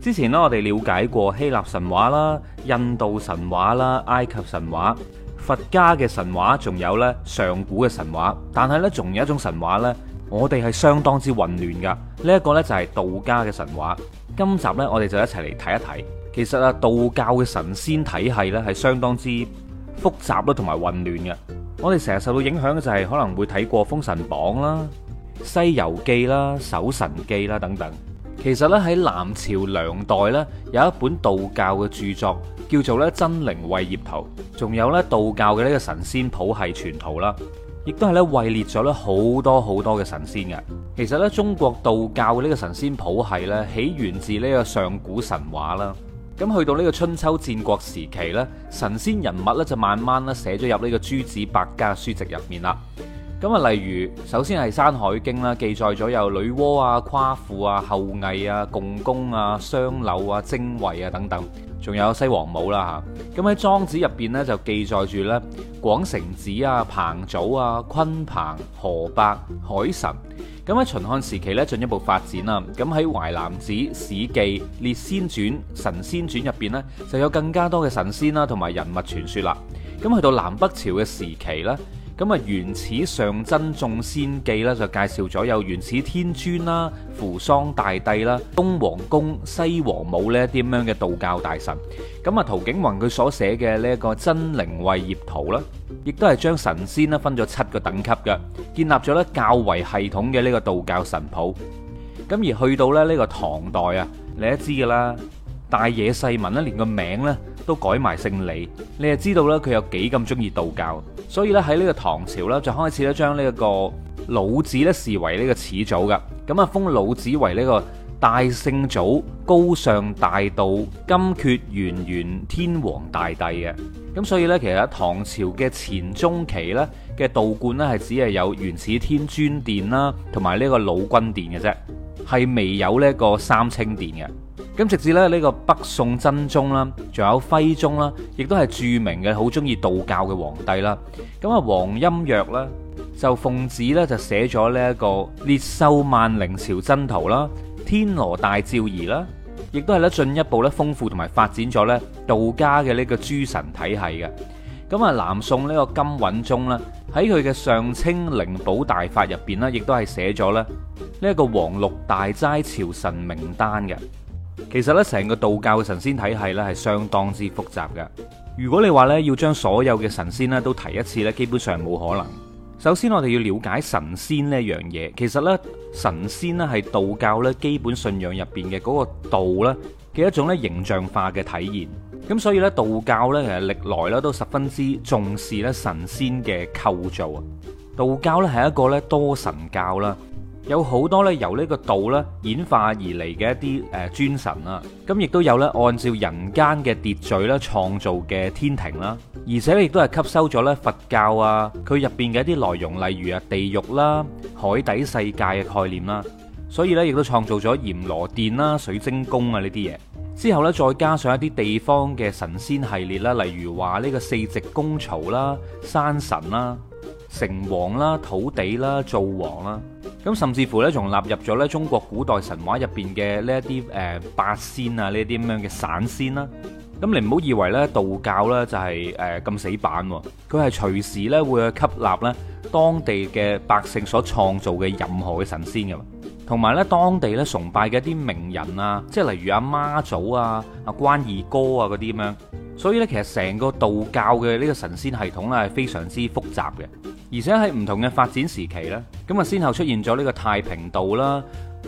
之前呢，我哋了解過希臘神話啦、印度神話啦、埃及神話、佛家嘅神話，仲有呢上古嘅神話。但係呢，仲有一種神話呢，我哋係相當之混亂噶。呢一個呢，就係道家嘅神話。今集呢，我哋就一齊嚟睇一睇。其實啊，道教嘅神仙體系呢，係相當之複雜啦，同埋混亂嘅。我哋成日受到影響嘅就係可能會睇過《封神榜》啦、《西遊記》啦、《搜神記》啦等等。其實咧喺南朝梁代咧有一本道教嘅著作叫做咧《真靈位業圖》，仲有，咧道教嘅呢個神仙譜系傳圖啦，亦都係咧位列咗咧好多好多嘅神仙嘅。其實咧中國道教嘅呢個神仙譜系咧起源自呢個上古神話啦，咁去到呢個春秋戰國時期咧，神仙人物咧就慢慢咧寫咗入呢個諸子百家書籍入面啦。咁啊，例如首先係《山海經》啦，記載咗有女媧啊、夸父啊、后羿啊、共工啊、相柳啊、精衞啊等等，仲有西王母啦嚇。咁喺《莊子》入邊呢，就記載住呢廣成子啊、彭祖啊、鯤鵬、河伯、海神。咁喺秦漢時期呢，進一步發展啦。咁喺《淮南子》《史記》《列仙傳》《神仙傳》入邊呢，就有更加多嘅神仙啦同埋人物傳說啦。咁去到南北朝嘅時期呢。咁啊！原始上真眾仙記咧，就介紹咗有原始天尊啦、扶桑大帝啦、東王公、西王母呢啲咁樣嘅道教大神。咁啊，陶景雲佢所寫嘅呢一個真靈位業圖啦，亦都係將神仙咧分咗七個等級嘅，建立咗咧較為系統嘅呢個道教神譜。咁而去到咧呢個唐代啊，你都知噶啦。大野世民咧，連個名咧都改埋姓李，你就知道咧佢有幾咁中意道教，所以咧喺呢個唐朝咧就開始咧將呢個老子咧視為呢個始祖嘅，咁啊封老子為呢個大聖祖、高尚大道、金闕玄元天皇大帝嘅，咁所以呢，其實唐朝嘅前中期呢嘅道觀呢，係只係有元始天尊殿啦、同埋呢個老君殿嘅啫，係未有呢個三清殿嘅。咁直至咧呢個北宋真宗啦，仲有徽宗啦，亦都係著名嘅好中意道教嘅皇帝啦。咁啊，王欽若咧就奉旨咧就寫咗呢一個《列宿萬靈朝真圖》啦，《天羅大醮儀》啦，亦都係咧進一步咧豐富同埋發展咗咧道家嘅呢個諸神體系嘅。咁啊，南宋呢個金允宗啦喺佢嘅《上清靈寶大法》入邊咧，亦都係寫咗咧呢一個黃籙大齋朝神名單嘅。其實咧，成個道教嘅神仙體系咧係相當之複雜嘅。如果你話咧要將所有嘅神仙咧都提一次咧，基本上冇可能。首先我哋要了解神仙呢一樣嘢。其實咧，神仙咧係道教咧基本信仰入邊嘅嗰個道咧嘅一種咧形象化嘅體現。咁所以咧，道教咧其實歷來咧都十分之重視咧神仙嘅構造。道教咧係一個咧多神教啦。有好多咧，由呢個道咧演化而嚟嘅一啲誒尊神啦。咁亦都有咧，按照人間嘅秩序咧創造嘅天庭啦。而且咧，亦都係吸收咗咧佛教啊，佢入邊嘅一啲內容，例如啊地獄啦、海底世界嘅概念啦。所以咧，亦都創造咗閻羅殿啦、水晶宮啊呢啲嘢。之後咧，再加上一啲地方嘅神仙系列啦，例如話呢個四值功曹啦、山神啦、城隍啦、土地啦、灶王啦。咁甚至乎呢，仲納入咗呢中國古代神話入邊嘅呢一啲誒八仙啊，呢啲咁樣嘅散仙啦、啊。咁你唔好以為呢道教呢就係誒咁死板、啊，佢係隨時呢會去吸納呢當地嘅百姓所創造嘅任何嘅神仙嘅、啊，同埋呢當地呢崇拜嘅一啲名人啊，即係例如阿媽祖啊、阿關二哥啊嗰啲咁樣。所以呢，其實成個道教嘅呢個神仙系統呢，係非常之複雜嘅。而且喺唔同嘅發展時期呢，咁啊先後出現咗呢個太平道啦、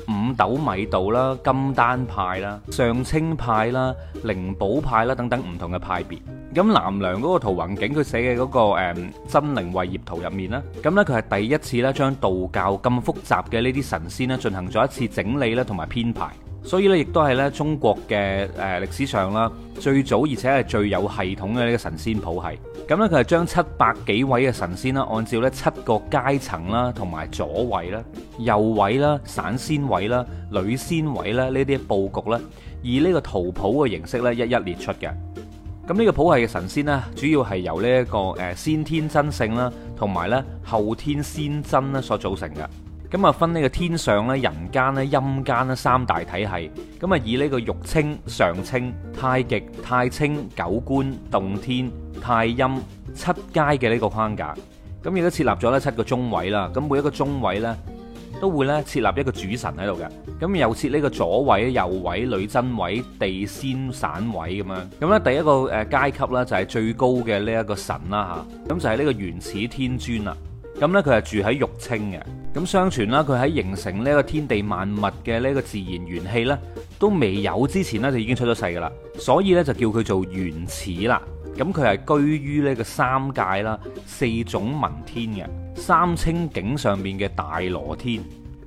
五斗米道啦、金丹派啦、上清派啦、靈寶派啦等等唔同嘅派別。咁南梁嗰個陶弘景佢寫嘅嗰個誒《真靈位業圖》入面咧，咁呢，佢係第一次咧將道教咁複雜嘅呢啲神仙咧進行咗一次整理咧同埋編排。所以咧，亦都係咧，中國嘅誒歷史上啦，最早而且係最有系統嘅呢個神仙譜系。咁咧，佢係將七百幾位嘅神仙啦，按照咧七個階層啦，同埋左位啦、右位啦、散仙位啦、女仙位啦呢啲佈局咧，以呢個圖譜嘅形式咧，一一列出嘅。咁、這、呢個譜系嘅神仙咧，主要係由呢一個誒先天真性啦，同埋咧後天仙真咧所組成嘅。咁啊，分呢個天上咧、人間咧、陰間咧三大體系。咁啊，以呢個玉清、上清、太極、太清、九宮、洞天、太陰、七階嘅呢個框架。咁亦都設立咗咧七個中位啦。咁每一個中位咧，都會咧設立一個主神喺度嘅。咁又設呢個左位、右位、女真位、地仙散位咁樣。咁咧，第一個誒階級咧就係最高嘅呢一個神啦嚇。咁就係、是、呢個元始天尊啦。咁呢，佢係住喺玉清嘅，咁相傳啦，佢喺形成呢個天地萬物嘅呢個自然元氣呢，都未有之前呢，就已經出咗世噶啦，所以呢，就叫佢做原始啦。咁佢係居於呢個三界啦、四種民天嘅三清境上面嘅大羅天。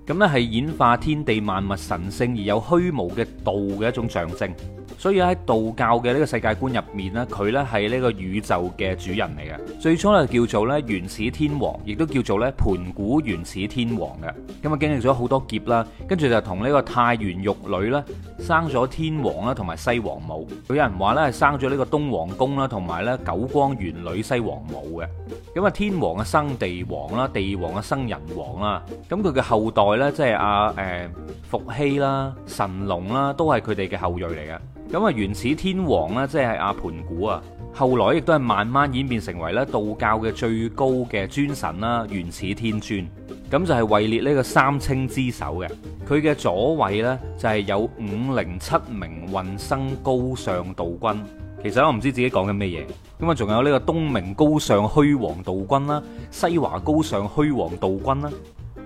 咁咧係演化天地萬物神聖而有虛無嘅道嘅一種象徵，所以喺道教嘅呢個世界觀入面咧，佢咧係呢個宇宙嘅主人嚟嘅。最初咧叫做咧元始天王，亦都叫做咧盤古元始天王嘅。咁啊經歷咗好多劫啦，跟住就同呢個太元玉女啦生咗天皇啦同埋西王母。有人話咧係生咗呢個東王公啦同埋咧九光玄女西王母嘅。咁啊天皇啊生地皇啦，地皇啊生人皇啦，咁佢嘅後代咧。即係阿誒伏羲啦，神農啦，都係佢哋嘅後裔嚟嘅。咁啊原始天王咧，即係阿盤古啊。後來亦都係慢慢演變成為咧道教嘅最高嘅尊神啦。原始天尊咁就係位列呢個三清之首嘅。佢嘅左位呢，就係、是、有五零七名混生高尚道君。其實我唔知自己講緊咩嘢。咁啊仲有呢個東明高尚虛皇道君啦，西華高尚虛皇道君啦。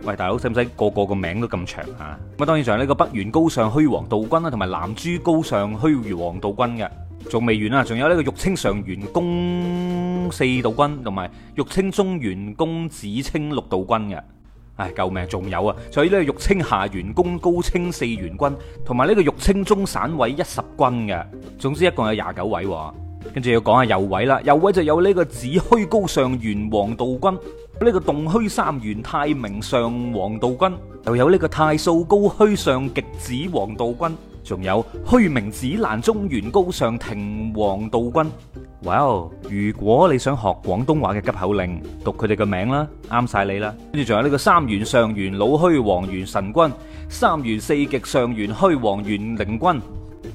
喂，大佬，使唔使個個個名都咁長啊？咁啊，當然就係呢個北元高上虛王道君啦，同埋南珠高上虛王道君嘅。仲未完啦，仲有呢個玉清上元宮四道君，同埋玉清中元宮紫清六道君嘅。唉、哎，救命！仲有啊，仲有呢個玉清下元宮高清四元君，同埋呢個玉清中散位一十君嘅。總之，一共有廿九位。跟住要講下右位啦，右位就有呢個紫虛高上元王道君。呢、這個洞虛三元太明上黃道君，又有呢個太素高虛上極子黃道君，仲有虛明紫蘭中元高上庭黃道君。哇、wow！如果你想學廣東話嘅急口令，讀佢哋嘅名啦，啱晒你啦。跟住仲有呢個三元上元老虛黃元神君，三元四極上元虛黃元靈君，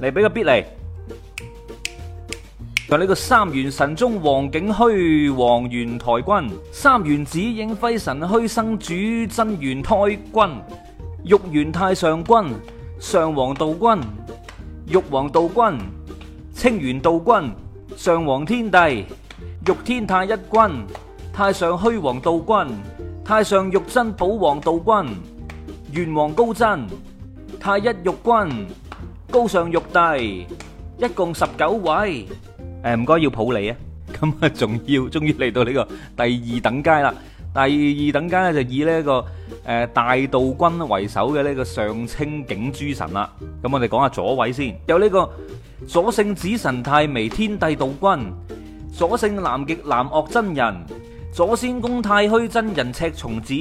嚟俾個 beat 嚟。就呢個三元神宗，王景虛、王元台君；三元子應輝神虛生主真元胎君、玉元太上君、上皇道君、玉皇道君、清元道君、上皇天帝、玉天太一君、太上虛皇道君、太上玉真寶皇道君、元皇高真、太一玉君、高上玉帝，一共十九位。誒，唔該要抱你啊，咁啊仲要，終於嚟到呢個第二等階啦。第二等階咧，就以呢個誒大道君為首嘅呢個上清境諸神啦。咁我哋講下左位先，有呢個左聖子神太微天帝道君，左聖南極南嶽真人，左仙公太虛真人赤松子，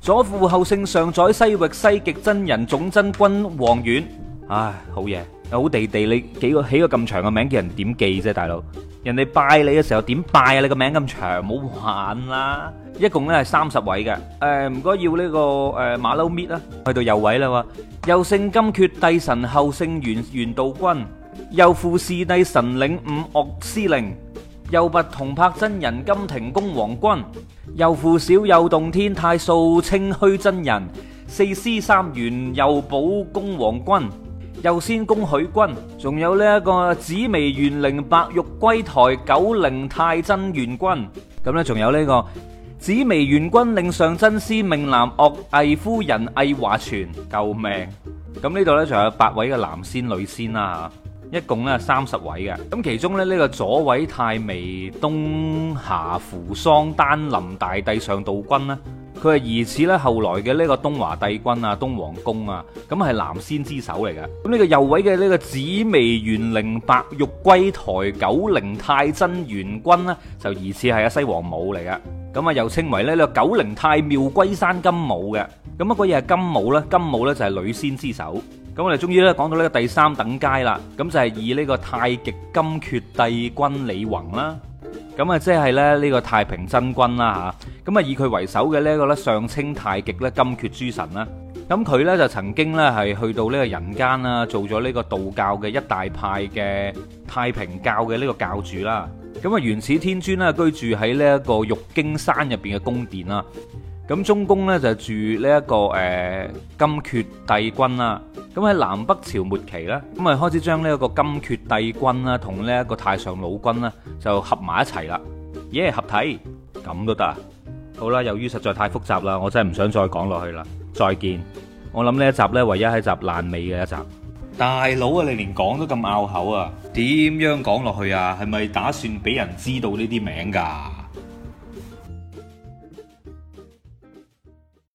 左輔後聖上宰西域西極真人總真君王遠。唉，好嘢。好地地，你幾個起個咁長嘅名，叫人點記啫，大佬？人哋拜你嘅時候點拜啊？你個名咁長，冇玩啦！一共呢係三十位嘅。誒、呃，唔該要呢、呢個誒馬騮咪啦，去、呃、到右位啦。右聖金闕帝神後聖元元道君，右副侍帝神領五岳司令，右弼桐柏真人金庭宮王君，右副小右洞天太素清虛真人，四師三元右寶公王君。右仙公許君，仲有呢、這、一個紫微元靈白玉龜台九靈太真元君，咁呢、這個，仲有呢個紫微元君令上真司命南岳魏夫人魏華存，救命！咁呢度呢，仲有八位嘅男仙女仙啦，一共呢三十位嘅，咁其中呢，呢個左位太微東霞扶桑丹林大帝上道君呢。佢係疑似咧後來嘅呢個東華帝君啊、東王公啊，咁係南仙之首嚟嘅。咁呢個右位嘅呢個紫微、元靈白玉龜台九靈太真元君呢，就疑似係阿西王母嚟嘅。咁啊又稱為呢個九靈太妙龜山金母嘅。咁乜鬼嘢係金母呢？金母呢就係女仙之首。咁我哋終於咧講到呢個第三等階啦。咁就係、是、以呢個太極金闕帝君李弘啦。咁啊即係咧呢個太平真君啦吓。咁啊，以佢為首嘅呢個咧，上清太極咧，金闕諸神啦。咁佢咧就曾經咧係去到呢個人間啦，做咗呢個道教嘅一大派嘅太平教嘅呢個教主啦。咁啊，原始天尊咧居住喺呢一個玉京山入邊嘅宮殿啦。咁中宮咧就住呢一個誒金闕帝君啦。咁喺南北朝末期咧，咁啊開始將呢一個金闕帝君啦，同呢一個太上老君啦，就合埋一齊啦，耶合體咁都得啊！好啦，由於實在太複雜啦，我真係唔想再講落去啦。再見。我諗呢一集呢唯一係集爛尾嘅一集。大佬啊，你連講都咁拗口啊，點樣講落去啊？係咪打算俾人知道呢啲名㗎？